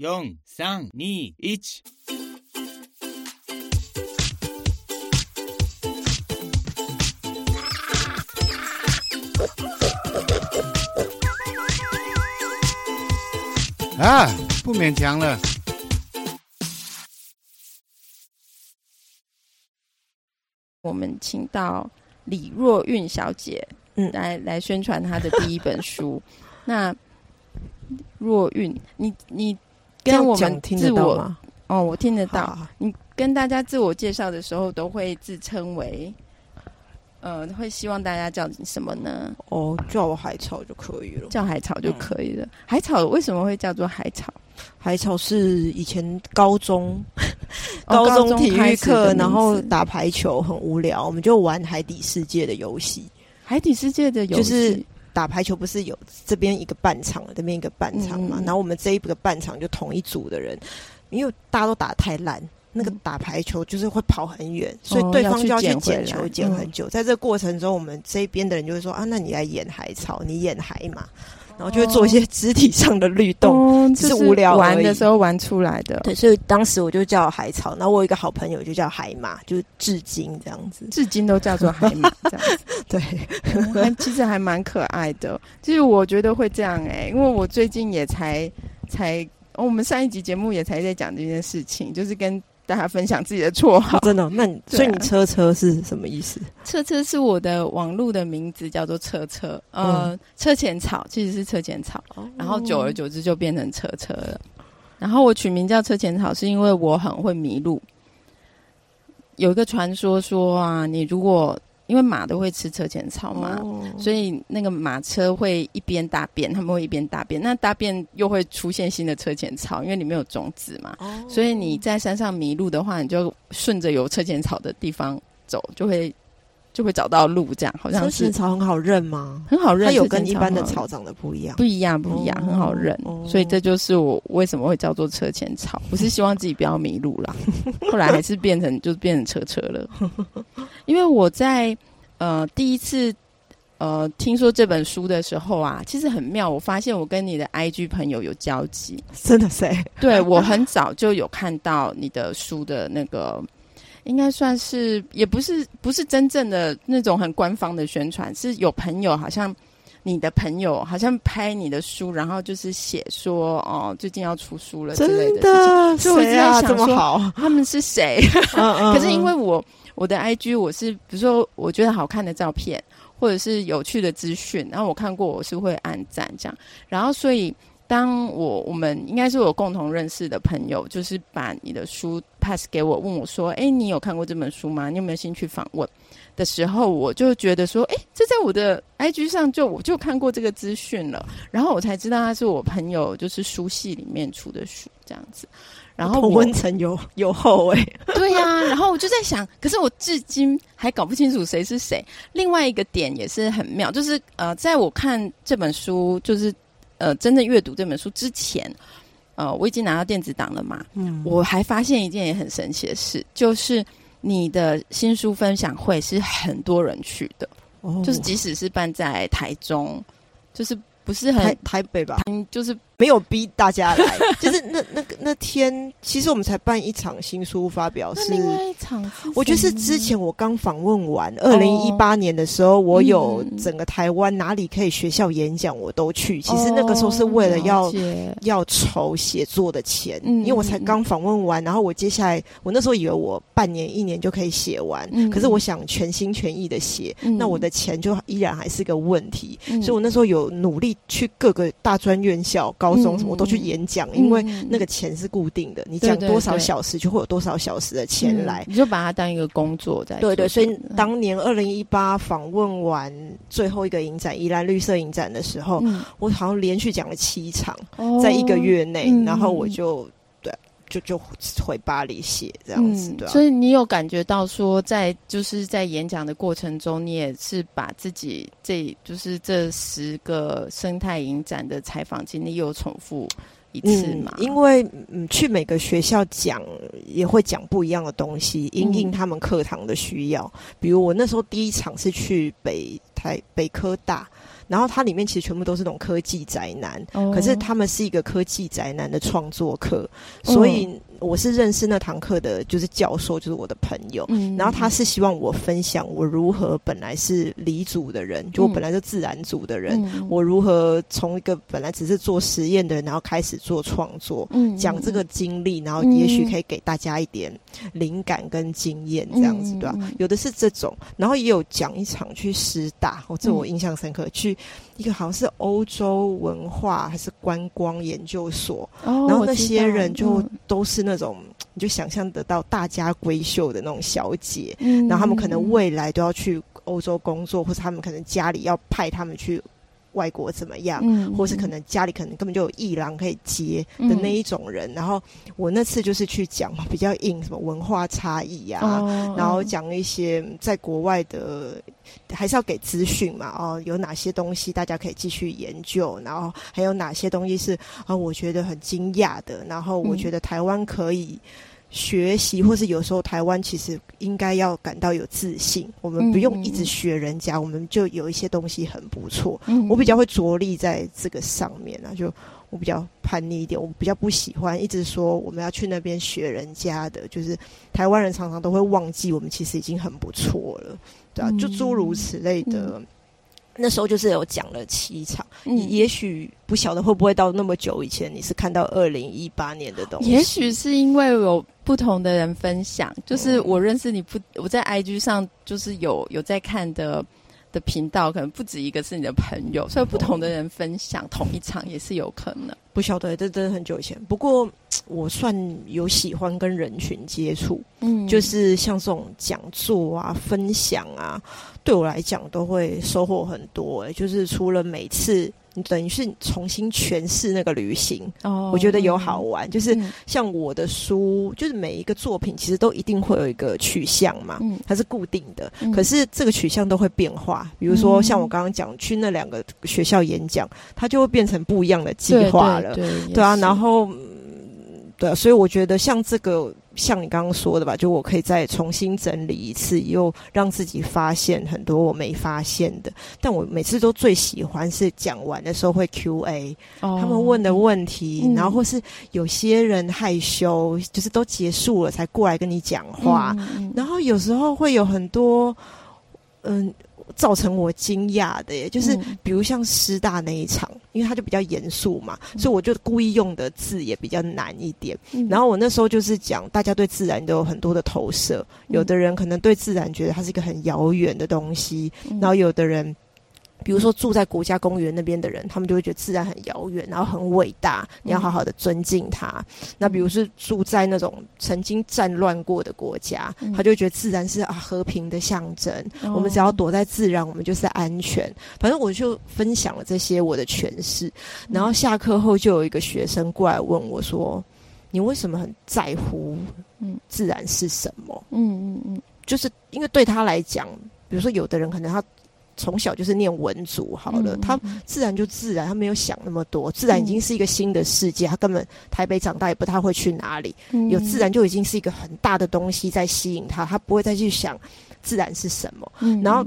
四、三、二、一。啊，不勉強了。我們請到李若韻小姐，嗯，來來宣傳她的第一本書。 那若韻，你你。這樣我們我聽得到嗎？哦，我聽得到。好好，你跟大家自我介紹的時候，都會自稱為呃，會希望大家叫你什麼呢？哦，叫我海草就可以了，叫海草就可以了。嗯，海草為什麼會叫做海草？海草是以前高中高中體育課，哦，然後打排球很無聊，我們就玩海底世界的遊戲，海底世界的遊戲。就是打排球不是有這邊一個半場，這邊一個半場嘛，嗯嗯嗯，然後我們這一個半場就同一組的人，因為大家都打得太爛，嗯、那個打排球就是會跑很遠，所以對方就要去撿球，撿很久，哦、在這個過程中，我們這邊的人就會說啊，那你來演海草，你演海嘛。然後就會做一些肢體上的律動，oh, 是無聊就是玩的時候玩出來的。對，所以當時我就叫海草，然後我有一個好朋友就叫海馬，就是至今這樣子，至今都叫做海馬 這樣子。對，oh, 其實還蠻可愛的。其實我覺得會這樣欸，因為我最近也才才，我們上一集節目也才在講這件事情，就是跟。大家分享自己的綽號。哦，真的。哦？那你、啊，所以你車車是什麼意思？車車是我的網路的名字，叫做車車。呃，嗯、車前草其實是車前草。哦，然後久而久之就變成車車了。然後我取名叫車前草，是因為我很會迷路。有一個傳說說啊，你如果因為馬都會吃車前草嘛，哦、所以那個馬車會一邊大便，他們會一邊大便。那大便又會出現新的車前草，因為裡面有種子嘛。哦、所以你在山上迷路的話，你就順着有車前草的地方走，就會。就會找到路，這樣。好像是車前草很好認嗎？很好認，它有跟一般的草長得不一樣。不一樣，不一樣，嗯、很好認。嗯、所以這就是我為什麼會叫做車前草，我是希望自己不要迷路了。 後來還是變成，就是變成車車了。 因為我在呃第一次呃聽說這本書的時候啊，其實很妙，我發現我跟你的 IG 朋友有交集，真的是對，我很早就有看到你的書的那個。應該算是，也不是，不是真正的那種很官方的宣傳，是有朋友，好像你的朋友，好像拍你的書，然後就是寫說，哦，最近要出書了之類的，對，所以我在想說、啊、他們是誰？ uh, uh, 可是因為我我的 I G，我是比如說我覺得好看的照片，或者是有趣的資訊，然後我看過，我是會按讚這樣，然後所以。當我我們應該是有共同認識的朋友，就是把你的書 pass 給我，問我說：“哎、欸，你有看過這本書嗎？你有沒有興趣訪問？”的時候，我就覺得說：“哎、欸，這在我的 IG 上就我就看過這個資訊了。”然後我才知道他是我朋友，就是書系裡面出的書這樣子。然後同溫層有有後位、欸。 對呀、啊，然後我就在想，可是我至今還搞不清楚誰是誰。另外一個點也是很妙，就是呃，在我看這本書就是。呃，真正閱讀這本書之前，呃，我已經拿到電子檔了嘛。嗯，我還發現一件也很神奇的事，就是你的新書分享會是很多人去的，哦、就是即使是辦在台中，就是不是很台，台北吧？嗯，就是。沒有逼大家來，就是那那個那天，其實我們才辦一場新書發表是，是我覺得是之前我剛訪問完，二零一八年的時候，我有整個台灣哪裡可以學校演講，我都去。Oh, 其實那個時候是為了要了解，要籌寫作的錢，因為我才剛訪問完，嗯、然後我接下來我那時候以為我半年一年就可以寫完，嗯、可是我想全心全意的寫，嗯、那我的錢就依然還是個問題，嗯、所以我那時候有努力去各個大專院校高中什麼我都去演講，嗯、因為那個錢是固定的，嗯、你講多少小時就會有多少小時的錢來，對對對，你就把它當一個工作在。對，對對，所以當年二零一八訪問完最後一個影展——宜蘭綠色影展的時候，嗯、我好像連續講了七場，哦、在一個月內，然後我就。嗯就就回巴黎寫這樣子，嗯，對啊、所以你有感覺到說在，在就是在演講的過程中，你也是把自己這就是這十個生態影展的採訪經歷又重複一次嘛、嗯？因為嗯去每個學校講也會講不一樣的東西，因應他們課堂的需要。嗯、比如我那時候第一場是去北台北科大。然後它裡面其實全部都是那種科技宅男。哦、可是他們是一個科技宅男的創作課，所以。哦我是認識那堂課的，就是教授，就是我的朋友。嗯、然後他是希望我分享我如何本來是理組的人，嗯、就我本來是自然組的人，嗯、我如何從一個本來只是做實驗的人，然後開始做創作，嗯、講這個經歷，嗯、然後也許可以給大家一點靈感跟經驗、嗯、這樣子，對吧？有的是這種，然後也有講一場去師大、哦，這我印象深刻，嗯、去一個好像是歐洲文化還是觀光研究所，哦、然後那些人就都是。那種你就想象得到大家閨秀的那種小姐，嗯，然後他們可能未來都要去歐洲工作，或者他們可能家裡要派他們去。外國怎麼樣，嗯、或是可能家裡可能根本就有譯郎可以接的那一種人。嗯、然後我那次就是去講比較硬，什麼文化差異啊，哦、然後講一些在國外的，還是要給資訊嘛。哦，有哪些東西大家可以繼續研究，然後還有哪些東西是啊、呃，我覺得很驚訝的。然後我覺得台灣可以。嗯學習，或是有時候台灣其實應該要感到有自信。我們不用一直學人家，嗯嗯，我們就有一些東西很不錯。嗯嗯，我比較會着力在這個上面啊，就我比較叛逆一點，我比較不喜歡一直說我們要去那邊學人家的。就是台灣人常常都會忘記，我們其實已經很不錯了，對啊，就諸如此類的。嗯嗯嗯那時候就是有講了七場，你、嗯、也許不曉得會不會到那麼久以前，你是看到二零一八年的東西。也許是因為有不同的人分享，就是我認識你不，我在 IG 上就是有有在看的的頻道，可能不止一個是你的朋友，所以不同的人分享同一場也是有可能。不曉得，這真的很久以前。不過我算有喜歡跟人群接觸，嗯，就是像這種講座啊、分享啊，對我來講都會收穫很多、欸。就是除了每次，你等於是重新詮釋那個旅行，哦，我覺得有好玩。嗯、就是像我的書，就是每一個作品其實都一定會有一個取向嘛，嗯、它是固定的。嗯、可是這個取向都會變化。比如說像我剛剛講去那兩個學校演講，它就會變成不一樣的計劃。對，對啊，也是，然後對啊，所以我覺得像這個，像你剛剛說的吧，就我可以再重新整理一次，又讓自己發現很多我沒發現的。但我每次都最喜歡是講完的時候會 QA，哦，他們問的問題，嗯，然後或是有些人害羞，嗯，就是都結束了才過來跟你講話，嗯，然後有時候會有很多，嗯。呃造成我驚訝的耶，就是、嗯、比如像師大那一場，因為他就比較嚴肅嘛，嗯、所以我就故意用的字也比較難一點。嗯、然後我那時候就是講，大家對自然都有很多的投射，有的人可能對自然覺得它是一個很遙遠的東西，嗯、然後有的人。比如說住在國家公園那邊的人，嗯、他們就會覺得自然很遙遠，然後很偉大，嗯、你要好好的尊敬他。嗯、那比如是住在那種曾經戰亂過的國家，嗯、他就會覺得自然是啊和平的象徵。嗯、我們只要躲在自然，我們就是安全。哦、反正我就分享了這些我的詮釋。嗯、然後下課後就有一個學生過來問我說：“你為什麼很在乎？嗯，自然是什麼？嗯嗯嗯，嗯嗯就是因為對他來講，比如說有的人可能他。”從小就是念文族組，好了，嗯、他自然就自然，他沒有想那麼多，自然已經是一個新的世界。嗯、他根本台北長大也不太會去哪裡，嗯、有自然就已經是一個很大的東西在吸引他，他不會再去想自然是什麼。嗯、然後，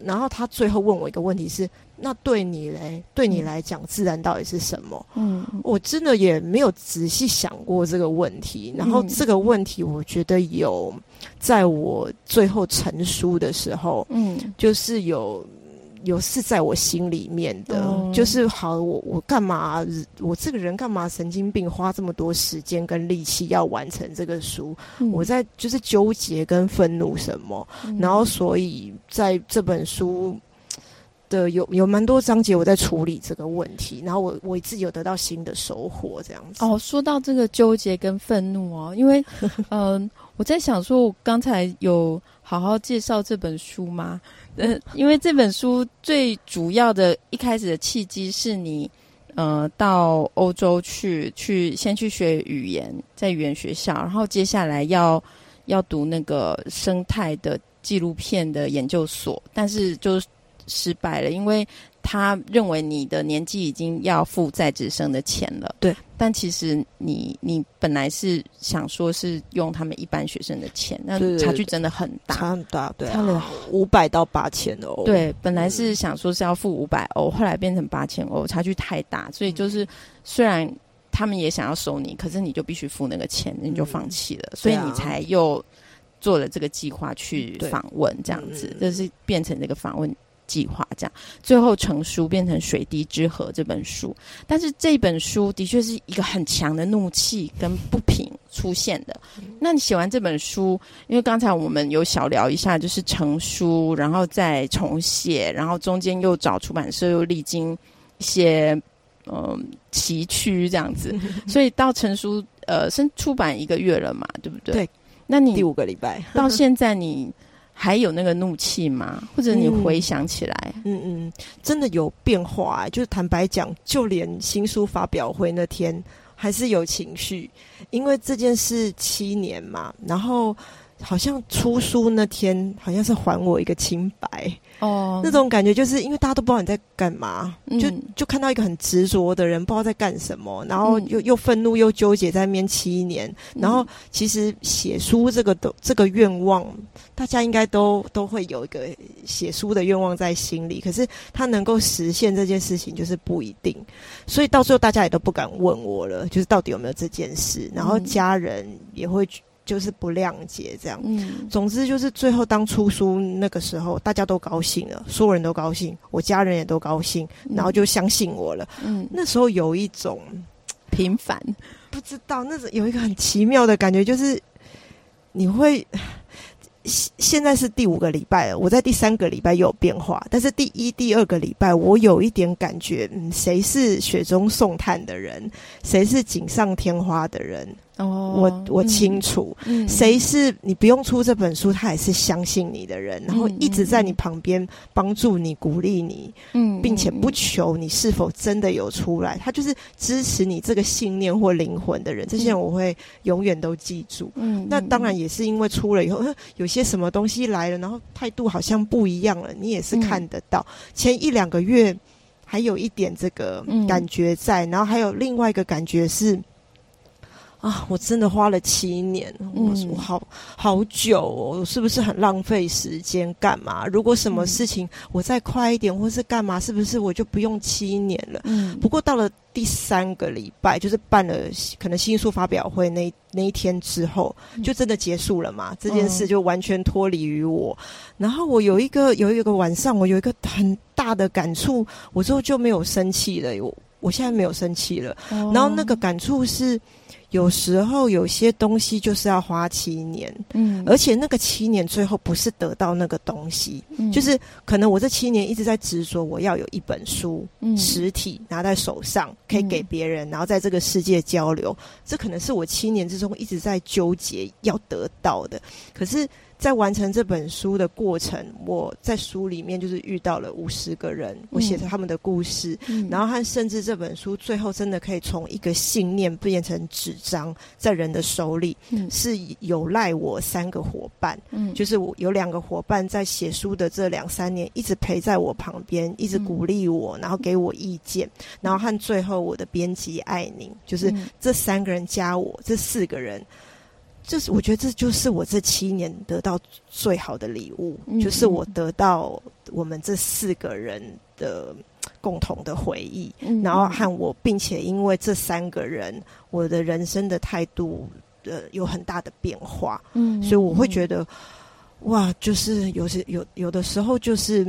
然後他最後問我一個問題是：是那對你咧，對你來講，自然到底是什麼？嗯，我真的也沒有仔細想過這個問題。然後這個問題，我覺得有在我最後成書的時候，嗯，就是有。有是在我心裡面的，嗯、就是好，我我幹嘛？我這個人幹嘛？神經病，花這麼多時間跟力氣要完成這個書，嗯、我在就是糾結跟憤怒什麼。嗯、然後所以在這本書的有有蠻多章節，我在處理這個問題。然後我我自己有得到新的收穫，這樣子。哦，說到這個糾結跟憤怒哦、啊，因為嗯、 呃、我在想說，我剛才有。好好介紹這本書嗎？嗯，因為這本書最主要的一開始的契機是你，呃，到歐洲去去先去學語言，在語言學校，然後接下來要要讀那個生態的紀錄片的研究所，但是就失敗了，因為。他認為你的年紀已經要付在職生的錢了，對。但其實你你本來是想說是用他們一般學生的錢，那差距真的很大，對對對，差很大，對啊、差了點五百到八千歐。對，本來是想說是要付五百歐，後來變成八千歐，差距太大，所以就是、嗯、雖然他們也想要收你，可是你就必須付那個錢，你就放棄了，嗯、所以你才又做了這個計劃去訪問，對這樣子就、嗯、是變成這個訪問計劃這樣，最後成書變成《水滴之河》這本書。但是這本書的確是一個很強的怒氣跟不平出現的。嗯、那你寫完這本書，因為剛才我們有小聊一下，就是成書，然後再重寫，然後中間又找出版社，又歷經一些嗯、呃、崎嶇這樣子。嗯、所以到成書呃，是出版一個月了嘛？對不對？對。那你第五個禮拜到現在你。 還有那個怒氣嗎？或者你回想起來？嗯嗯嗯，真的有變化欸。就是坦白講，就連新書發表會那天，還是有情緒，因為這件事七年嘛。然後。好像出書那天，好像是還我一個清白哦，oh. 那種感覺就是因為大家都不知道你在幹嘛，mm. 就就看到一個很執着的人，不知道在幹什麼，然後又，mm. 又憤怒又糾結在那邊七年，然後其實寫書這個都這個願望，大家應該都都會有一個寫書的願望在心裡，可是他能夠實現這件事情就是不一定，所以到最後大家也都不敢問我了，就是到底有沒有這件事，然後家人也會。Mm. 就是不諒解這樣，嗯、總之就是最後當出書那個時候，大家都高興了，所有人都高興，我家人也都高興，嗯、然後就相信我了。嗯、那時候有一種平凡，不知道那種有一個很奇妙的感覺，就是你會現在是第五個禮拜了，我在第三個禮拜有變化，但是第一、第二個禮拜我有一點感覺，誰、嗯、是雪中送炭的人，誰是錦上添花的人。我我清楚，嗯，誰是你不用出這本書，他也是相信你的人，然後一直在你旁邊幫助你、鼓勵你，嗯，並且不求你是否真的有出來，他就是支持你這個信念或靈魂的人。這些人我會永遠都記住。嗯，那當然也是因為出了以後，有些什麼東西來了，然後態度好像不一樣了。你也是看得到，前一兩個月還有一點這個感覺在，然後還有另外一個感覺是。啊！我真的花了七年，嗯、我說好好久、哦，是不是很浪費時間？幹嘛？如果什麼事情、嗯、我再快一點，或是幹嘛？是不是我就不用七年了？嗯。不過到了第三個禮拜，就是辦了可能新書發表會那那一天之後，嗯、就真的結束了嘛？這件事就完全脫離於我。哦、然後我有一個有一個晚上，我有一個很大的感觸，我之後就沒有生氣了。我我現在沒有生氣了。哦、然後那個感觸是。有時候有些東西就是要花七年，嗯，而且那個七年最後不是得到那個東西，嗯，就是可能我這七年一直在執着，我要有一本書，嗯，實體拿在手上，可以給別人，嗯，然後在這個世界交流，這可能是我七年之中一直在糾結要得到的，可是。在完成這本書的過程，我在書裡面就是遇到了五十個人，嗯、我寫着他們的故事，嗯、然後和甚至這本書最後真的可以從一個信念變成紙張，在人的手裡，嗯、是有賴我三個夥伴，嗯、就是我有兩個夥伴在寫書的這兩三年一直陪在我旁邊，一直鼓勵我，嗯、然後給我意見，然後和最後我的編輯艾寧，就是這三個人加我這四個人。這是我覺得這就是我這七年得到最好的禮物，嗯、哼就是我得到我們這四個人的共同的回憶，嗯、哼然後和我，並且因為這三個人，我的人生的態度、呃、有很大的變化，嗯、哼所以我會覺得，哇，就是有時有有的時候就是。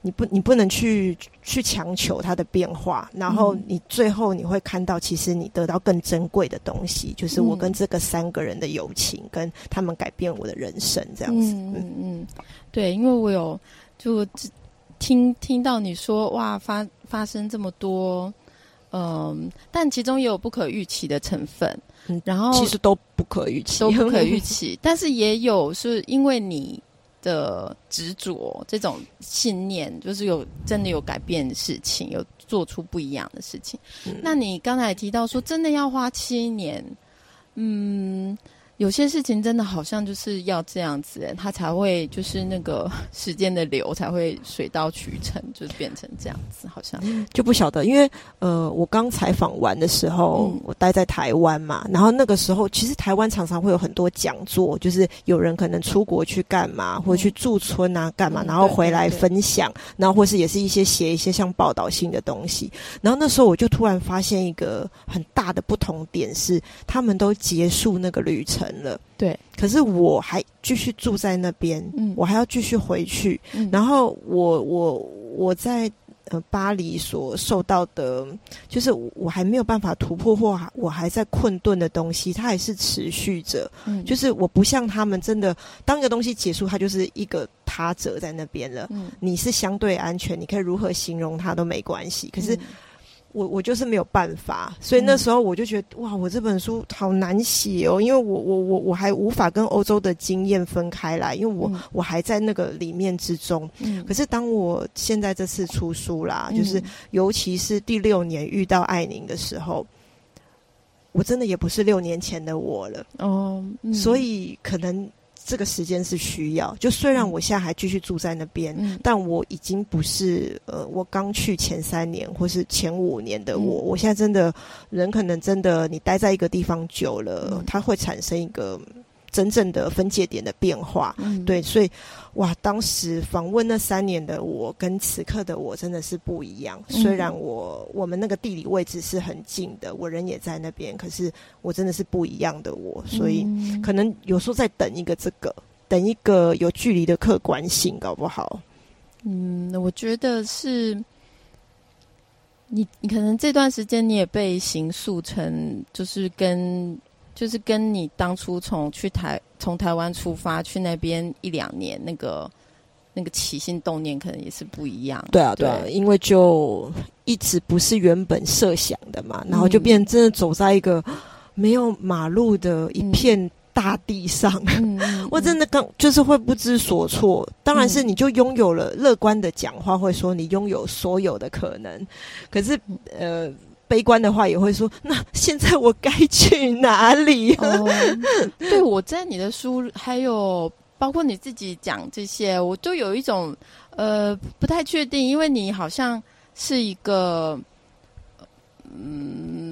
你不，你不能去去強求它的變化，然後你最後你會看到，其實你得到更珍貴的東西，就是我跟這個三個人的友情，嗯、跟他們改變我的人生這樣子。嗯嗯，嗯對，因為我有就只聽聽到你說，哇，發發生這麼多，嗯，但其中也有不可預期的成分。嗯，然後其實都不可預期，都不可預期， 但是也有是，是因為你的執着，這種信念，就是有真的有改變的事情，有做出不一樣的事情。嗯，那你剛才提到說，真的要花七年，嗯。有些事情真的好像就是要這樣子，欸，他才會就是那個時間的流才會水到渠成，就變成這樣子，好像就不曉得。因為呃，我剛採訪完的時候，嗯、我待在台灣嘛，然後那個時候其實台灣常常會有很多講座，就是有人可能出國去幹嘛，或者去駐村啊幹嘛，嗯、然後回來分享，嗯嗯、對對對，然後或是也是一些寫一些像報道性的東西。然後那時候我就突然發現一個很大的不同點是，他們都結束那個旅程了，對，可是我還繼續住在那邊，嗯、我還要繼續回去，嗯、然後我我我在呃巴黎所受到的，就是我還沒有辦法突破或我還在困頓的東西，它也是持續着，嗯、就是我不像他們，真的當一個東西結束，它就是一個他者在那邊了，嗯、你是相對安全，你可以如何形容它都沒關係，可是。嗯我我就是沒有辦法，所以那時候我就覺得、嗯、哇，我這本書好難寫哦，因為我我我我還無法跟歐洲的經驗分開來，因為我、嗯、我還在那個裡面之中。嗯、可是當我現在這次出書啦，嗯、就是尤其是第六年遇到愛寧的時候，我真的也不是六年前的我了哦，嗯、所以可能。這個時間是需要，就雖然我現在還繼續住在那邊，嗯、但我已經不是呃，我剛去前三年或是前五年的、嗯、我。我現在真的人，可能真的你待在一個地方久了，嗯、它會產生一個。真正的分界點的變化，嗯、對，所以哇，當時訪問那三年的我跟此刻的我真的是不一樣。嗯、雖然我我們那個地理位置是很近的，我人也在那邊，可是我真的是不一樣的我。所以、嗯、可能有時候在等一個這個，等一個有距離的客觀性，搞不好。嗯，我覺得是你，你可能這段時間你也被形塑成，就是跟。就是跟你當初從去台從台灣出發去那邊一兩年那個那個起心動念，可能也是不一樣。對啊，對啊，對，因為就一直不是原本設想的嘛，然後就變成真的走在一個沒有馬路的一片大地上，嗯嗯嗯、 我真的剛就是會不知所措。嗯嗯、當然是你就擁有了樂觀的講話，會說你擁有所有的可能，可是呃。悲觀的話也會說，那現在我該去哪裡？哦 ？Oh, 對，我在你的書，還有包括你自己講這些，我都有一種呃不太確定，因為你好像是一個，嗯。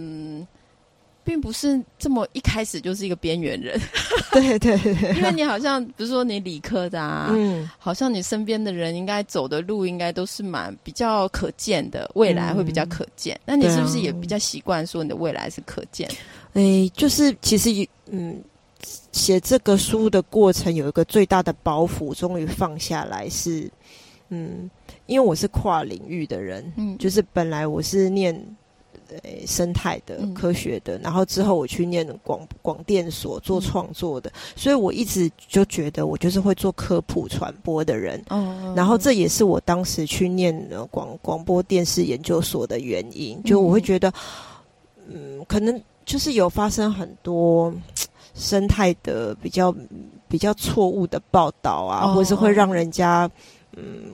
並不是這麼一開始就是一個邊緣人， 對對對，對，因為你好像 比如說你理科的啊，嗯，好像你身邊的人應該走的路應該都是蠻比較可見的，未來會比較可見。嗯、那你是不是也比較習慣說你的未來是可見？哎、啊嗯欸，就是其實嗯，寫這個書的過程有一個最大的包袱終於放下來是，嗯，因為我是跨領域的人，嗯，就是本來我是念。對，生態的、科學的，嗯、然後之後我去念廣廣電所做創作的，嗯、所以我一直就覺得我就是會做科普傳播的人。嗯然後這也是我當時去念廣廣播電視研究所的原因，就我會覺得，嗯,嗯，可能就是有發生很多生態的比較比較錯誤的報道啊，嗯、或者是會讓人家嗯。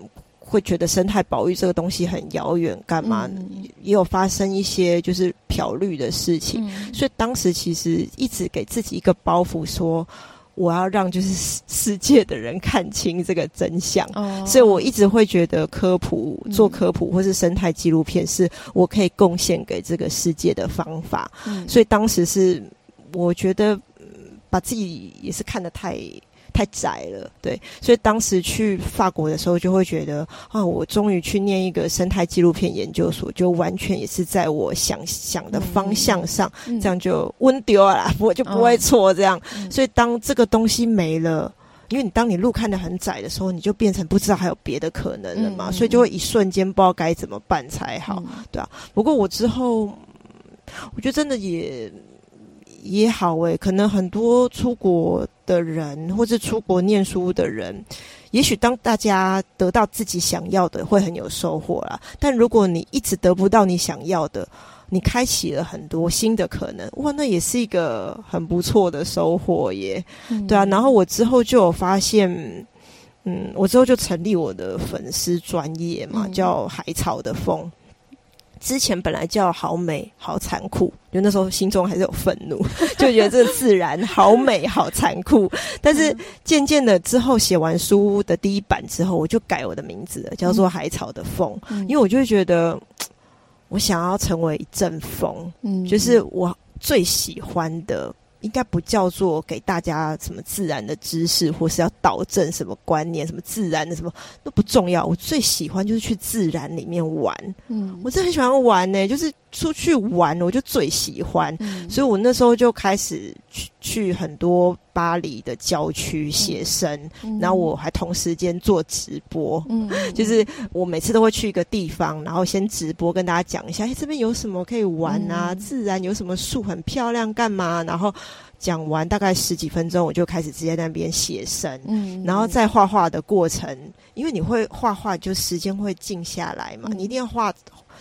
會覺得生態保育這個東西很遙遠，幹嘛呢？嗯、也有發生一些就是漂綠的事情，嗯、所以當時其實一直給自己一個包袱，說我要讓就是世界的人看清這個真相。哦、所以我一直會覺得科普、做科普或是生態紀錄片是我可以貢獻給這個世界的方法。嗯、所以當時是我覺得把自己也是看得太。太窄了，對，所以當時去法國的時候，就會覺得啊，我終於去念一個生態紀錄片研究所，就完全也是在我想想的方向上，嗯嗯這樣就溫丟了啦，我就不會錯這樣。哦、所以當這個東西沒了，因為你當你路看得很窄的時候，嗯、你就變成不知道還有別的可能了嘛，嗯嗯嗯所以就會一瞬間不知道該怎麼辦才好，嗯嗯對啊，不過我之後，我覺得真的也也好哎，可能很多出國的人，或是出國念書的人，也許當大家得到自己想要的，會很有收穫啦。但如果你一直得不到你想要的，你開啟了很多新的可能，哇，那也是一個很不錯的收穫耶。嗯、對啊，然後我之後就有發現，嗯，我之後就成立我的粉絲專業嘛，嗯、叫海草的風。之前本來叫好美好殘酷，就那時候心中還是有憤怒， 就覺得這個自然好美好殘酷。但是漸漸的之後寫完書的第一版之後，我就改我的名字了，叫做海草的風，嗯、因為我就覺得我想要成為一陣風，嗯、就是我最喜歡的。應該不叫做給大家什麼自然的知識，或是要導正什麼觀念，什麼自然的什麼，都不重要。我最喜歡就是去自然裡面玩，嗯，我真的很喜歡玩呢，欸，就是。出去玩，我就最喜歡，嗯、所以我那時候就開始去去很多巴黎的郊區寫生，嗯、然後我還同時間做直播，嗯，就是我每次都會去一個地方，然後先直播跟大家講一下，哎、欸，這邊有什麼可以玩啊？嗯、自然有什麼樹很漂亮，幹嘛？然後講完大概十幾分鐘，我就開始直接在那邊寫生，嗯、嗯，然後在畫畫的過程，因為你會畫畫，就時間會靜下來嘛，嗯、你一定要畫。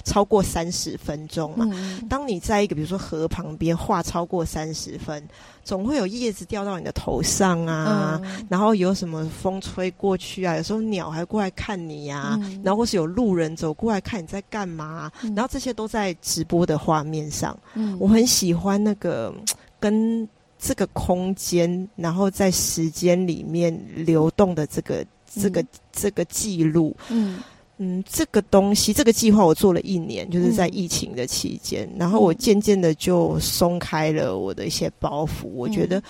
超過三十分鐘嘛？嗯、當你在一個比如說河旁邊畫超過三十分，總會有葉子掉到你的頭上啊，嗯、然後有什麼風吹過去啊，有時候鳥還過來看你呀、啊，嗯、然後或是有路人走過來看你在幹嘛、啊，嗯、然後這些都在直播的畫面上。嗯、我很喜歡那個跟這個空間，然後在時間裡面流動的這個這個、嗯、這個記錄。嗯。嗯，這個東西，這個計劃我做了一年，就是在疫情的期間，嗯、然後我漸漸的就鬆開了我的一些包袱。嗯、我覺得，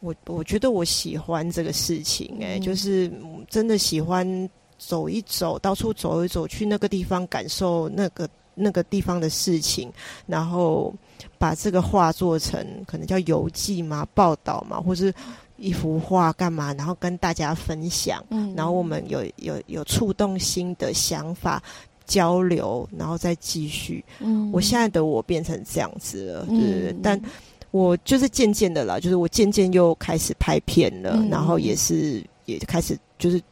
我我覺得我喜歡這個事情、欸，誒、嗯，就是真的喜歡走一走，到處走一走，去那個地方感受那個那個地方的事情，然後把這個畫做成，可能叫遊記嘛、報道嘛，或是……一幅畫幹嘛？然後跟大家分享，嗯、然後我們有有有觸動心的想法交流，然後再繼續。嗯，我現在的我變成這樣子了，對不對？嗯、但我就是漸漸的啦，就是我漸漸又開始拍片了，嗯、然後也是也開始，就是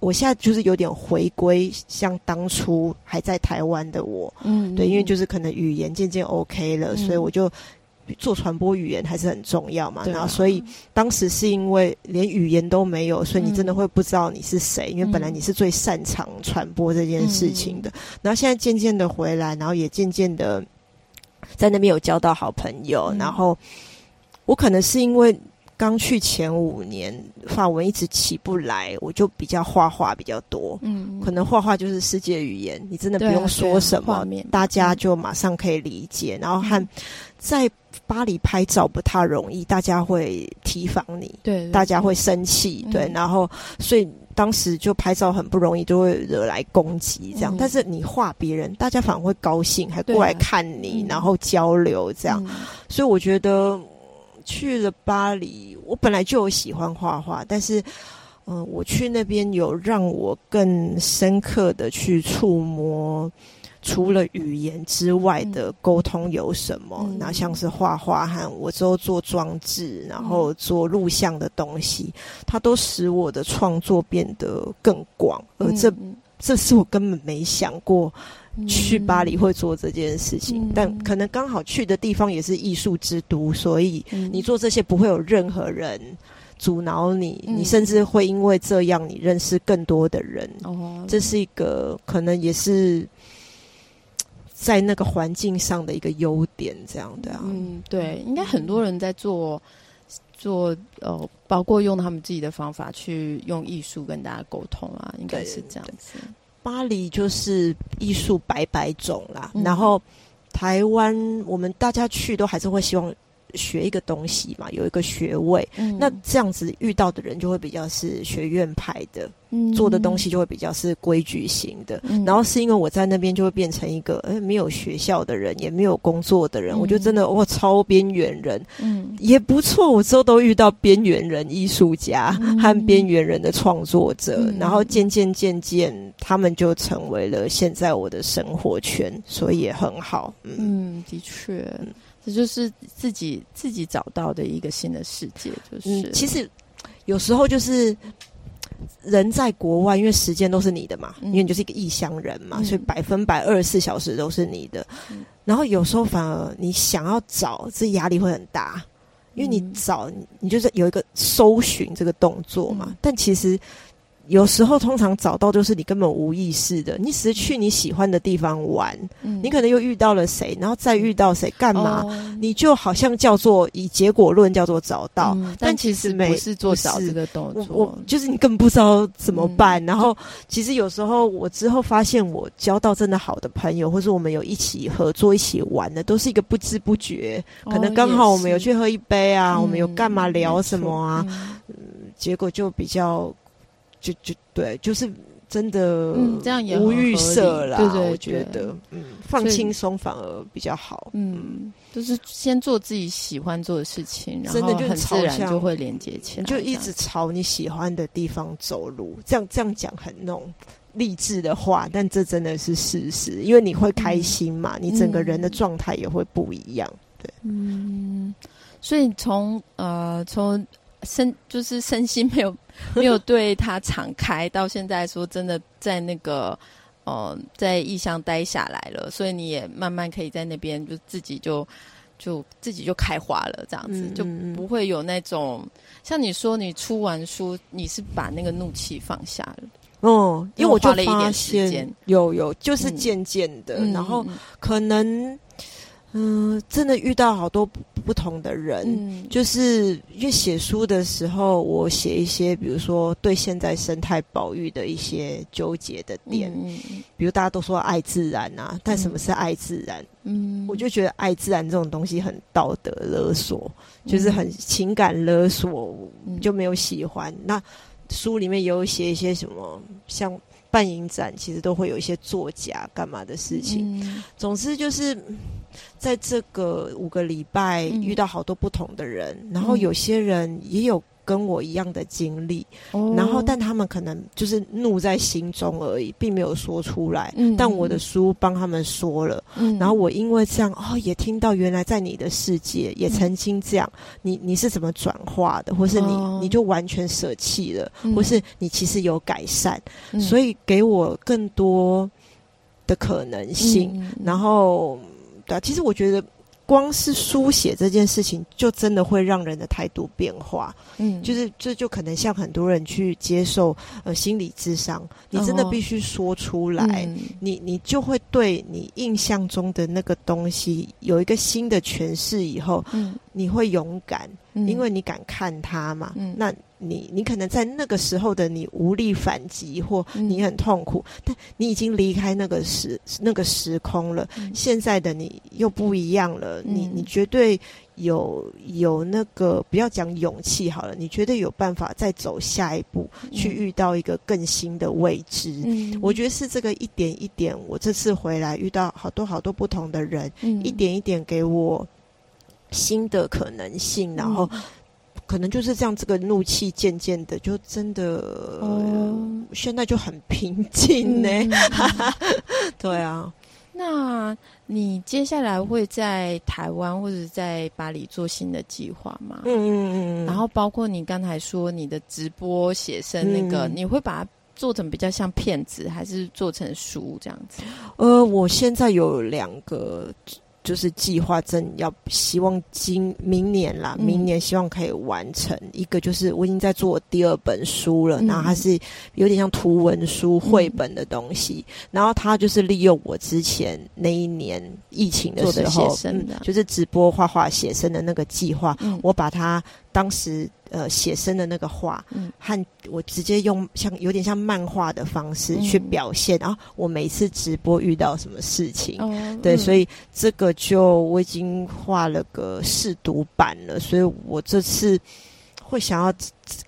我現在就是有點回歸像當初還在台灣的我，嗯，對，因為就是可能語言漸漸 OK 了，嗯、所以我就。做傳播語言還是很重要嘛，對啊、然後所以當時是因為連語言都沒有，所以你真的會不知道你是誰，因為本來你是最擅長傳播這件事情的。然後現在漸漸的回來，然後也漸漸的在那邊有交到好朋友。然後我可能是因為剛去前五年法文一直起不來，我就比較畫畫比較多。嗯，可能畫畫就是世界語言，你真的不用說什麼，大家就馬上可以理解。然後和。在巴黎拍照不太容易，大家會提防你，對，對，大家會生氣，嗯、對，然後所以當時就拍照很不容易，就會惹來攻擊這樣。嗯、但是你畫別人，大家反而會高興，還過來看你，對啊、然後交流這樣。嗯、所以我覺得、嗯、去了巴黎，我本來就有喜歡畫畫，但是嗯、呃，我去那邊有讓我更深刻的去觸摸。除了語言之外的溝通有什麼？嗯、那像是畫畫和我之後做裝置，然後做錄像的東西，嗯、它都使我的創作變得更廣。嗯、而這、嗯、這是我根本沒想過、嗯、去巴黎會做這件事情，嗯、但可能剛好去的地方也是藝術之都，所以你做這些不會有任何人阻撓你，嗯、你甚至會因為這樣你認識更多的人。嗯、這是一個可能也是，在那個環境上的一個優點，這樣的啊，嗯，對，應該很多人在做做呃，包括用他們自己的方法去用藝術跟大家溝通啊，應該是這樣子。巴黎就是藝術百百種啦，嗯、然後台灣我們大家去都還是會希望，學一個東西嘛，有一個學位，嗯、那這樣子遇到的人就會比較是學院派的，嗯、做的東西就會比較是規矩型的。嗯、然後是因為我在那邊就會變成一個、欸，沒有學校的人，也沒有工作的人，嗯、我就真的哇、哦，超邊緣人。嗯，也不錯，我之後都遇到邊緣人、藝術家和邊緣人的創作者，嗯、然後漸漸漸漸，他們就成為了現在我的生活圈，所以也很好。嗯，嗯，的確。這就是自己自己找到的一個新的世界，就是，嗯、其實有時候就是人在國外，因為時間都是你的嘛，嗯、因為你就是一個異鄉人嘛，嗯、所以百分百二十四小時都是你的。嗯、然後有時候反而你想要找，這壓力會很大，因為你找，嗯、你就是有一個搜尋這個動作嘛。嗯、但其實。有時候通常找到就是你根本無意識的，你只是去你喜歡的地方玩，嗯、你可能又遇到了誰，然後再遇到誰幹嘛？哦、你就好像叫做以結果論叫做找到，嗯、但其實沒不是做找這個動作。就是你根本不知道怎麼辦。嗯、然後其實有時候我之後發現，我交到真的好的朋友，或是我們有一起合作、一起玩的，都是一個不知不覺，哦、可能剛好我們有去喝一杯啊，是我們有幹嘛聊什麼啊，嗯嗯、結果就比較。就就對，就是真的，這樣也無預設啦。對，我覺得，放輕鬆反而比較好。嗯，就是先做自己喜歡做的事情，然後真的就很自然就會連接起來，就一直朝你喜歡的地方走路。這樣這樣講很那種勵志的話，但這真的是事實，因為你會開心嘛，你整個人的狀態也會不一樣。對，嗯，所以從呃從。身就是身心沒有沒有對他敞開， 到現在說真的，在那個呃在異鄉待下來了，所以你也慢慢可以在那邊就自己就就自己就開花了，這樣子嗯嗯嗯就不會有那種像你說你出完書，你是把那個怒氣放下了，嗯，因為我覺得一點時間，有有就是漸漸的，嗯、然後可能。嗯、呃，真的遇到好多不同的人，嗯、就是因為寫書的時候，我寫一些，比如說對現在生態保育的一些糾結的點，嗯、比如大家都說愛自然啊，嗯、但什麼是愛自然？嗯，我就覺得愛自然這種東西很道德勒索，嗯、就是很情感勒索，就沒有喜歡。嗯、那書裡面也有寫一些什麼，像辦影展，其實都會有一些作假幹嘛的事情。嗯、總之就是。在這個五個禮拜遇到好多不同的人，嗯、然後有些人也有跟我一樣的經歷，哦、然後但他們可能就是怒在心中而已，並沒有說出來。嗯、但我的書幫他們說了，嗯、然後我因為這樣哦，也聽到原來在你的世界、嗯、也曾經這樣，你你是怎麼轉化的，或是你、哦、你就完全捨棄了，嗯、或是你其實有改善，嗯、所以給我更多的可能性，嗯、然後。其實我覺得光是書寫這件事情，就真的會讓人的態度變化。嗯、就是，就是這就可能像很多人去接受呃心理諮商，你真的必須說出來，哦哦嗯、你你就會對你印象中的那個東西有一個新的詮釋，以後嗯，你會勇敢。因為你敢看他嘛，嗯、那你你可能在那個時候的你無力反擊或你很痛苦，嗯、但你已經離開那個時那個時空了。嗯、現在的你又不一樣了，嗯、你你絕對有有那個不要講勇氣好了，你絕對有辦法再走下一步，嗯、去遇到一個更新的未知。嗯、我覺得是這個一點一點，我這次回來遇到好多好多不同的人，嗯、一點一點給我。新的可能性，然後、嗯、可能就是這樣，這個怒氣漸漸的就真的、啊呃，現在就很平靜呢、欸。嗯、 對啊，那你接下來會在台灣或者在巴黎做新的計劃嗎？嗯嗯，然後包括你剛才說你的直播寫生那個，嗯、你會把它做成比較像片子，還是做成書這樣子？呃，我現在有兩個。就是計劃正要希望今明年啦，明年希望可以完成一個。就是我已經在做第二本書了，然後它是有點像圖文書、繪本的東西。然後它就是利用我之前那一年疫情的時候，嗯、就是直播畫畫寫生的那個計劃。嗯、我把它當時。呃，寫生的那個畫，嗯、和我直接用像有點像漫畫的方式去表現。嗯、然後我每次直播遇到什麼事情，哦、對，嗯、所以這個就我已經畫了個試讀版了，所以我這次。會想要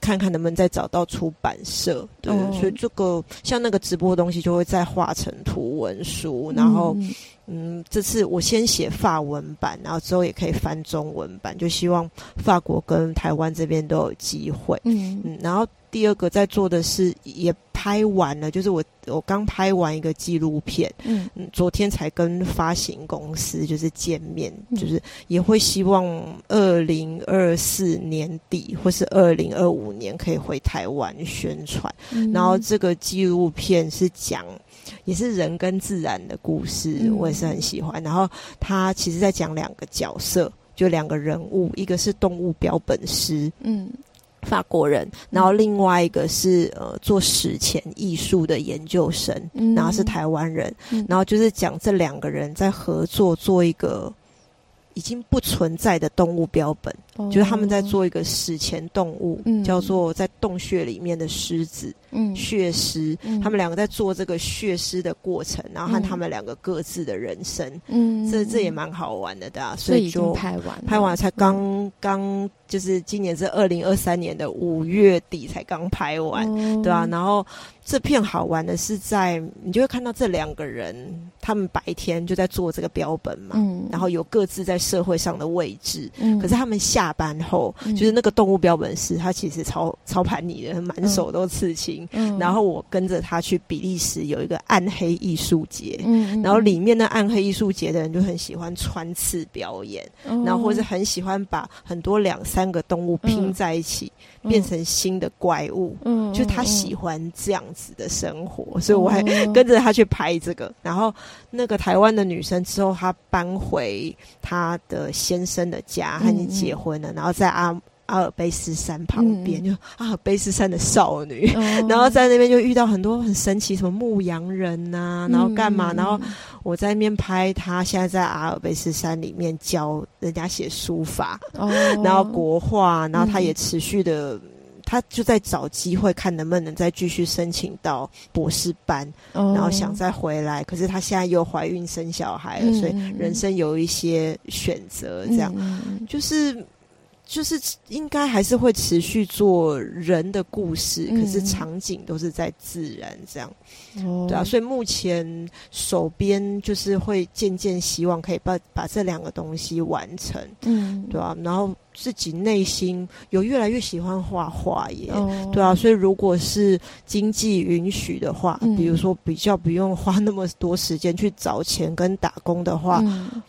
看看能不能再找到出版社，對，哦、所以這個像那個直播的東西就會再畫成圖文書，然後嗯，嗯，這次我先寫法文版，然後之後也可以翻中文版，就希望法國跟台灣這邊都有機會，嗯，嗯，然後第二個在做的是也。拍完了，就是我我剛拍完一個紀錄片，嗯，昨天才跟發行公司就是見面，嗯、就是也會希望二零二四年底或是二零二五年可以回台灣宣傳。嗯、然後這個紀錄片是講也是人跟自然的故事，嗯、我也是很喜歡。然後他其實在講兩個角色，就兩個人物，一個是動物標本師，嗯。法國人，然後另外一個是呃做史前藝術的研究生，嗯，然後是台灣人，嗯，然後就是講這兩個人在合作做一個已經不存在的動物標本，就是他們在做一個史前動物，嗯，叫做在洞穴裡面的獅子。嗯，血屍，他們兩個在做這個血屍的過程，然後和他們兩個各自的人生，嗯，這這也蠻好玩的，對啊，所以就拍完，拍完才剛剛就是今年是二零二三年的五月底才剛拍完，對啊，然後這片好玩的是在你就會看到這兩個人，他們白天就在做這個標本嘛，嗯，然後有各自在社會上的位置，嗯，可是他們下班後，就是那個動物標本師，他其實操操盤你的，滿手都刺青。嗯、然後我跟着他去比利時，有一個暗黑藝術節，嗯嗯、然後裡面的暗黑藝術節的人就很喜歡穿刺表演，嗯、然後或者很喜歡把很多兩三個動物拼在一起，嗯、變成新的怪物。嗯、就他喜歡這樣子的生活，嗯嗯嗯、所以我還跟着他去拍這個。嗯、然後那個臺灣的女生之後，她搬回她的先生的家，和你結婚了，嗯嗯、然後在阿。阿爾卑斯山旁邊，嗯、就阿爾卑斯山的少女，哦、然後在那邊就遇到很多很神奇，什麼牧羊人吶、啊，嗯、然後幹嘛？然後我在那邊拍他，現在在阿爾卑斯山裡面教人家寫書法，哦、然後國畫，然後他也持續的，嗯、他就在找機會看能不能再繼續申請到博士班，哦、然後想再回來，可是他現在又懷孕生小孩了，嗯、所以人生有一些選擇，這樣、嗯、就是。就是應該還是會持續做人的故事，嗯、可是場景都是在自然這樣，哦、對啊。所以目前手邊就是會漸漸希望可以把把這兩個東西完成，嗯，對啊，然後自己內心有越來越喜歡畫畫耶。哦、對啊。所以如果是經濟允許的話，嗯、比如說比較不用花那麼多時間去找錢跟打工的話。嗯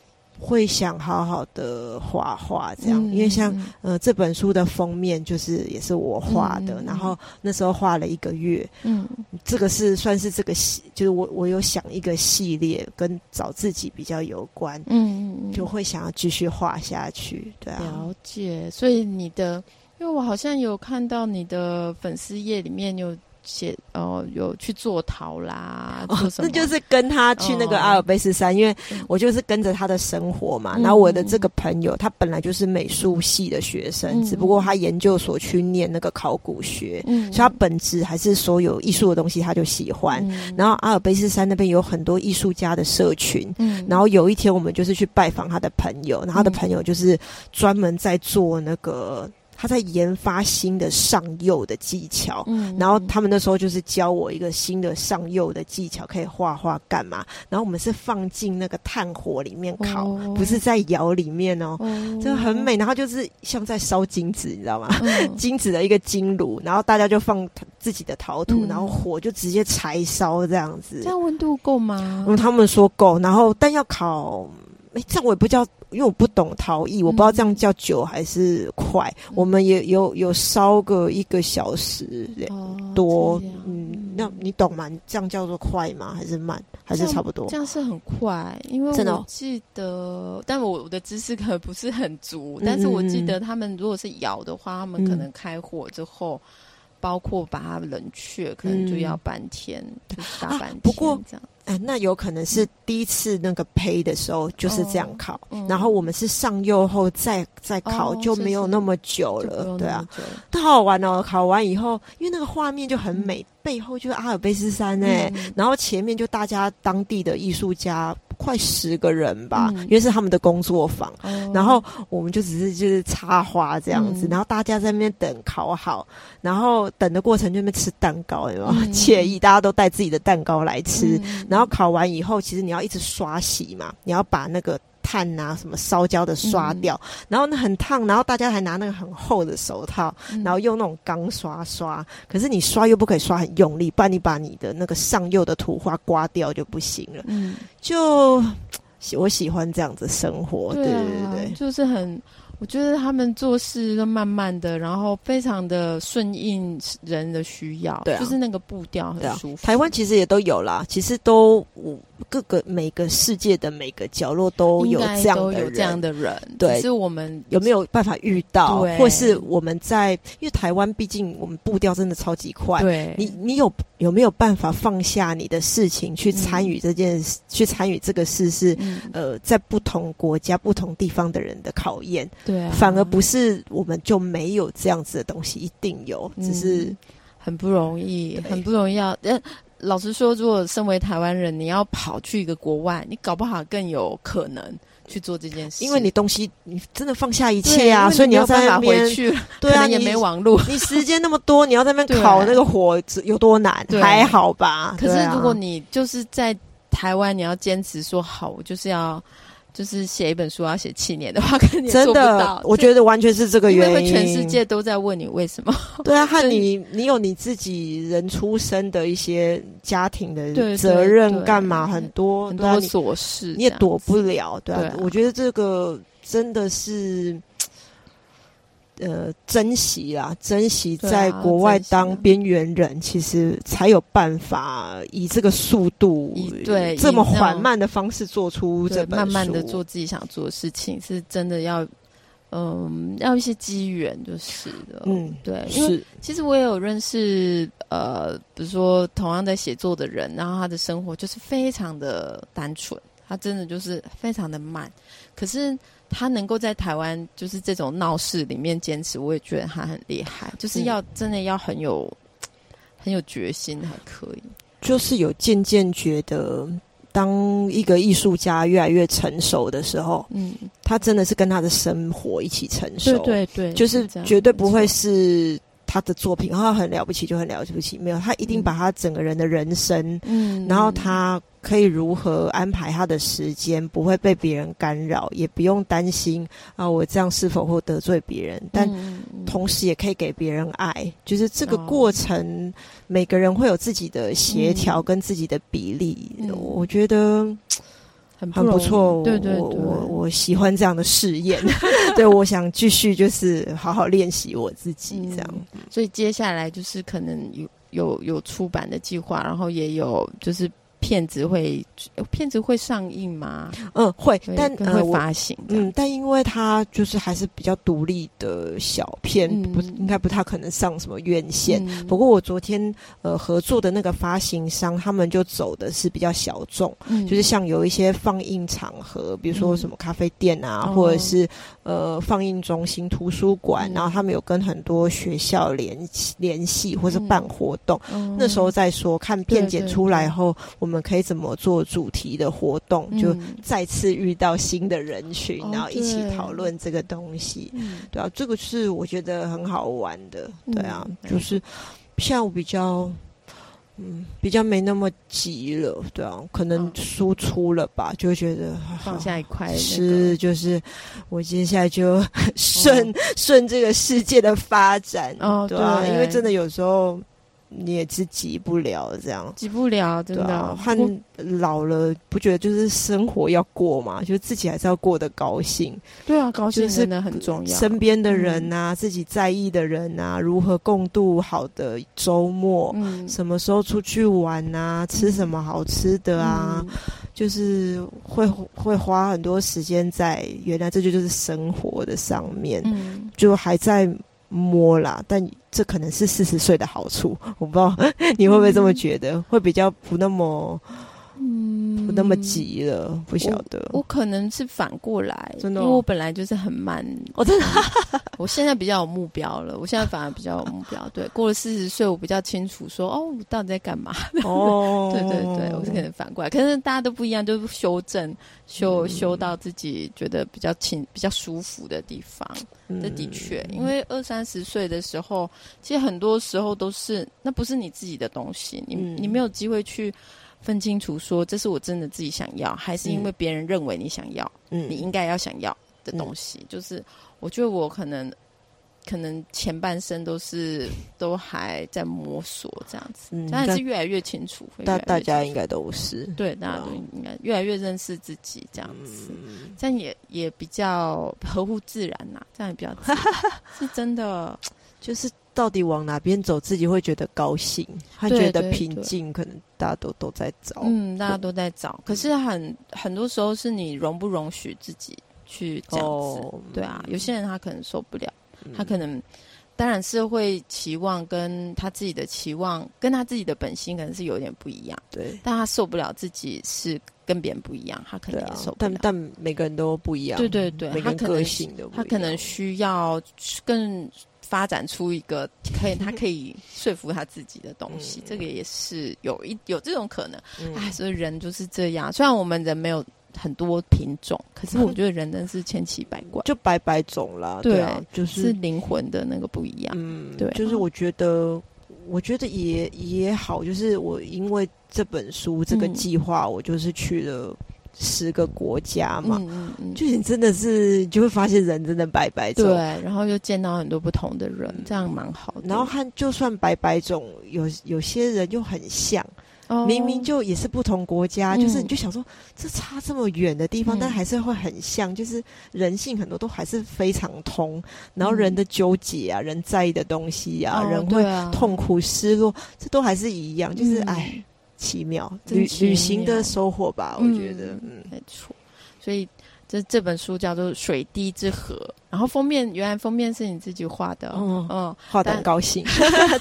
會想好好的畫畫這樣，嗯、因為像呃這本書的封面就是也是我畫的，嗯、然後那時候畫了一個月，嗯，這個是算是這個系，就是我我有想一個系列跟找自己比較有關，嗯嗯嗯，嗯嗯就會想要繼續畫下去，對啊。了解，所以你的，因為我好像有看到你的粉絲頁裡面有。寫哦，有去做陶啦做、哦，那就是跟他去那個阿爾卑斯山，哦、因為我就是跟着他的生活嘛。嗯、然後我的這個朋友，嗯、他本來就是美術系的學生，嗯、只不過他研究所去念那個考古學，嗯、所以他本質還是所有藝術的東西他就喜歡。嗯、然後阿爾卑斯山那邊有很多藝術家的社群，嗯、然後有一天我們就是去拜訪他的朋友，然後他的朋友就是專門在做那個。他在研發新的上釉的技巧，嗯、然後他們那時候就是教我一個新的上釉的技巧，可以畫畫幹嘛？然後我們是放進那個炭火裡面烤，哦、不是在窯裡面哦，就、哦、很美。然後就是像在燒金子，你知道嗎？金、嗯、子的一個金爐，然後大家就放自己的陶土，嗯、然後火就直接柴燒這樣子。這樣溫度夠嗎？嗯，然後他們說夠。然後但要烤，誒這樣我也不知道。因為我不懂陶藝，我不知道這樣叫久還是快。嗯、我們也有有燒個一個小時多，哦、嗯，那你懂嗎？你這樣叫做快嗎？還是慢？還是差不多？這樣,這樣是很快，因為我記得，哦、但我我的知識可能不是很足，但是我記得他們如果是窯的話，他們可能開火之後，嗯、包括把它冷卻，可能就要半天，嗯、就是大半天這樣。啊不過哎、欸，那有可能是第一次那個胚的時候就是這樣烤，嗯哦嗯、然後我們是上釉後再再烤，就沒有那麼久了，哦、是是久了對啊，太好玩哦！烤完以後，因為那個畫面就很美，嗯、背後就是阿爾卑斯山哎、欸，嗯、然後前面就大家當地的藝術家。快十個人吧，嗯、因為是他們的工作坊，哦、然後我們就只是就是插花這樣子，嗯、然後大家在那邊等烤好，然後等的過程就那邊吃蛋糕有沒有，愜意、嗯、，大家都帶自己的蛋糕來吃，嗯、然後烤完以後，其實你要一直刷洗嘛，嗯、你要把那個。汗吶、啊，什麼燒焦的刷掉，嗯、然後那很燙，然後大家還拿那個很厚的手套，嗯、然後用那種鋼刷刷，可是你刷又不可以刷很用力，不然你把你的那個上釉的圖畫刮掉就不行了。嗯，就我喜歡這樣子生活的，對、啊、對對，就是很，我覺得他們做事都慢慢的，然後非常的順應人的需要，對、啊，就是那個步調很舒服、啊。台灣其實也都有啦，其實都各個每個世界的每個角落都有這樣的人，有這樣的人對，是，我們有沒有辦法遇到，對或是我們在？因為台灣畢竟我們步調真的超級快，對。你你有有沒有辦法放下你的事情去參與這件事，嗯？去參與這個事？是、嗯、呃，在不同國家、不同地方的人的考驗，對、啊，反而不是我們就沒有這樣子的東西，一定有，只是、嗯、很不容易，對很不容易啊。呵呵老實說，如果身為台灣人，你要跑去一個國外，你搞不好更有可能去做這件事，因為你東西你真的放下一切啊，所以你要辦法回去，對啊，也沒網路，你， 你時間那麼多，你要在那邊烤那個火子有多難？對還好吧。可是如果你就是在台灣，你要堅持說好，我就是要。就是寫一本書要寫七年的話，做不到，真的，對我覺得完全是這個原因。因為全世界都在問你為什麼？對啊，就和你，你有你自己人出生的一些家庭的責任，幹嘛？很多很多瑣事你也躲不了，對啊。對啊，我覺得這個真的是。呃，珍惜啊，珍惜在、啊、國外當邊緣人，啊、其實才有辦法以這個速度，以對這麼緩慢的方式做出這，慢慢的做自己想做的事情，是真的要，嗯，要一些機緣，就是的，嗯，對，因為是，其實我也有認識，呃，比如說同樣在寫作的人，然後他的生活就是非常的單純，他真的就是非常的慢，可是。他能夠在台灣就是這種鬧市裡面堅持，我也覺得他很厲害。就是要真的要很有、嗯、很有決心還可以。就是有漸漸覺得，當一個藝術家越來越成熟的時候，嗯，他真的是跟他的生活一起成熟，對，對對，就是絕對不會是他的作品。然後他很了不起，就很了不起，沒有他一定把他整個人的人生，嗯，然後他。可以如何安排他的時間，不會被別人干擾，也不用擔心啊，我這樣是否會得罪別人？嗯、但同時也可以給別人愛，嗯、就是這個過程，哦、每個人會有自己的協調跟自己的比例。嗯、我覺得很不錯，很不容易、我、對對對，我我喜歡這樣的試驗。 對，我想繼續就是好好練習我自己這樣、嗯。所以接下來就是可能有有有出版的計劃，然後也有就是。片子會，片子會上映嗎？嗯，會，但會發行。嗯，但因為它就是還是比較獨立的小片，不應該不太可能上什麼院線。不過我昨天呃合作的那個發行商，他們就走的是比較小眾，就是像有一些放映場合，比如說什麼咖啡店啊，或者是呃放映中心、圖書館，然後他們有跟很多學校聯聯繫，或者辦活動。那時候再說，看片剪出來後，我們。我們可以怎麼做主題的活動？就再次遇到新的人群，然後一起討論這個東西。對啊，這個是我覺得很好玩的。對啊，就是下午比較，嗯，比較沒那麼急了。對啊，可能輸出了吧，就覺得好。下一塊是，就是我接下來就順順這個世界的發展。對啊，因為真的有時候。你也是急不了這樣，急不了真的。換、啊、我老了不覺得就是生活要過嘛，就自己還是要過得高興。對啊，高興、就是、真的很重要。身邊的人吶、啊，嗯、自己在意的人吶、啊，如何共度好的周末？嗯、什麼時候出去玩啊？吃什麼好吃的啊？嗯、就是會會花很多時間在原來這就就是生活的上面，嗯、就還在。摸啦，但這可能是四十歲的好處，我不知道你會不會這麼覺得， 會比較不那麼。嗯，不那麼急了，不曉得我。我可能是反過來，真的、哦，因為我本來就是很慢。我、嗯 oh, 真的， 我現在比較有目標了。我現在反而比較有目標。對，過了四十歲，我比較清楚說，哦，我到底在幹嘛？哦，oh、對對對，我是可能反過來。可是大家都不一樣，就是修正修、嗯、修到自己覺得比較輕、比較舒服的地方。嗯、這的確，因為二三十歲的時候，其實很多時候都是那不是你自己的東西，你你沒有機會去。分清楚說，說這是我真的自己想要，還是因為別人認為你想要，嗯、你應該要想要的東西。嗯、就是我覺得我可能，可能前半生都是都還在摸索這樣子，嗯、但也是越來越清楚。大該大家應該都是對，對啊、大家都應該越來越認識自己這樣子，嗯、這樣也也比較合乎自然吶、啊。這樣也比較自然 是真的，就是。到底往哪邊走，自己會覺得高興，他覺得平靜，對對對對，可能大家都都在找。嗯，大家都在找，嗯、可是很很多時候，是你容不容許自己去這樣子？哦、對啊，嗯、有些人他可能受不了，嗯、他可能當然是會期望跟他自己的期望，跟他自己的本性可能是有點不一樣。對，但他受不了自己是跟別人不一樣，他可能也受不了。啊、但，但每個人都不一樣，對對對，每個人個性的，他可能需要更。發展出一個可以他可以說服他自己的東西， 這個也是有，有一有這種可能。哎、嗯，所以人就是這樣。雖然我們人沒有很多品種，可是我覺得人真是千奇百怪，就百百種了。對，對啊，就是靈魂的那個不一樣。嗯，對、啊，就是我覺得，我覺得也也好，就是我因為這本書、嗯、這個計劃，我就是去了。十個國家嘛，就你真的是就會發現人真的百百種，對，然後又見到很多不同的人，這樣蠻好。然後就算百百種，有有些人又很像，明明就也是不同國家，就是你就想說，這差這麼遠的地方，但還是會很像，就是人性很多都還是非常通。然後人的糾結啊，人在意的東西啊，人會痛苦、失落，這都還是一樣，就是唉。奇妙，奇妙旅旅行的收穫吧，嗯、我覺得嗯，沒錯。所以這這本書叫做《水滴之河》，然後封面原來封面是你自己畫的，嗯嗯，畫的、嗯、很高興，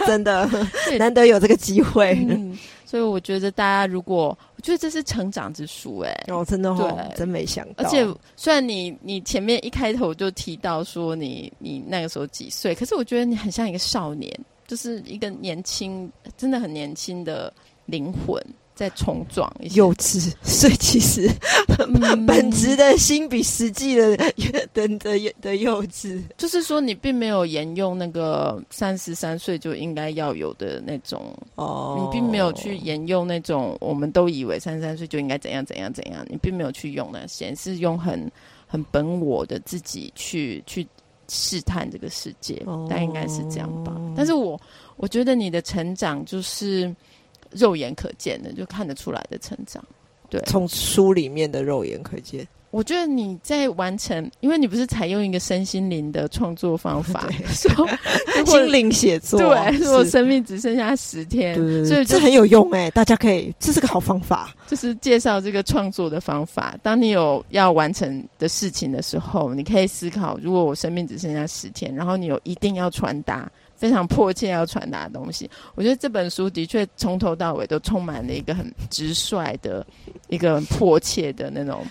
但 真的以難得有這個機會、嗯。所以我覺得大家如果我覺得這是成長之書、欸，哎、哦，我真的、哦，對了，真沒想到。而且雖然你你前面一開頭就提到說你你那個時候幾歲，可是我覺得你很像一個少年，就是一個年輕，真的很年輕的。靈魂在重裝幼稚，所以其實本質的心比實際的的的的幼稚，就是說你並沒有沿用那個三十三歲就應該要有的那種哦，oh. 你並沒有去沿用那種我們都以為三十三歲就應該怎樣怎樣怎樣，你並沒有去用那些是用很很本我的自己去去試探這個世界，oh. 但應該是這樣吧。但是我我覺得你的成長就是。肉眼可見的，就看得出來的成長，對，從書裡面的肉眼可見。我覺得你在完成，因為你不是採用一個身心靈的創作方法， 對 心靈寫作。對、欸，是如果生命只剩下十天，對對對，所以這很有用、欸、大家可以，這是個好方法。就是介紹這個創作的方法。當你有要完成的事情的時候，你可以思考：如果我生命只剩下十天，然後你有一定要傳達。非常迫切要傳達的東西，我覺得這本書的確從頭到尾都充滿了一個很直率的、 一個很迫切的那種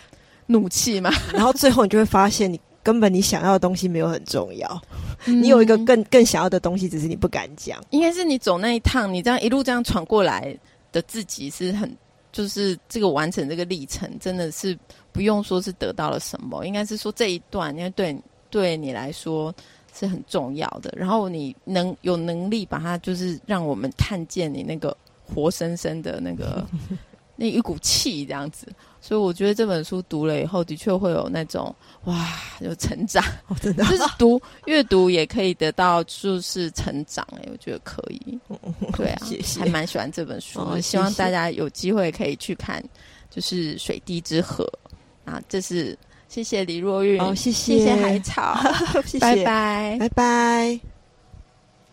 怒氣嘛。然後最後你就會發現，你根本你想要的東西沒有很重要，嗯、你有一個更更想要的東西，只是你不敢講。應該是你走那一趟，你這樣一路這樣闖過來的自己是很，就是這個完成這個歷程，真的是不用說是得到了什麼，應該是說這一段，因為對對你來說。是很重要的，然後你能有能力把它，就是讓我們看見你那個活生生的那個 那一股氣這樣子。所以我覺得這本書讀了以後，的確會有那種哇，有成長，oh, 真的啊、就是讀閱讀也可以得到就是成長、欸。哎，我覺得可以， 對啊， 還蠻喜歡這本書，oh, 謝謝。希望大家有機會可以去看，就是《水滴之河》啊，這是。謝謝李若韻，哦，謝謝，謝，謝海草， 謝謝，拜拜，拜拜。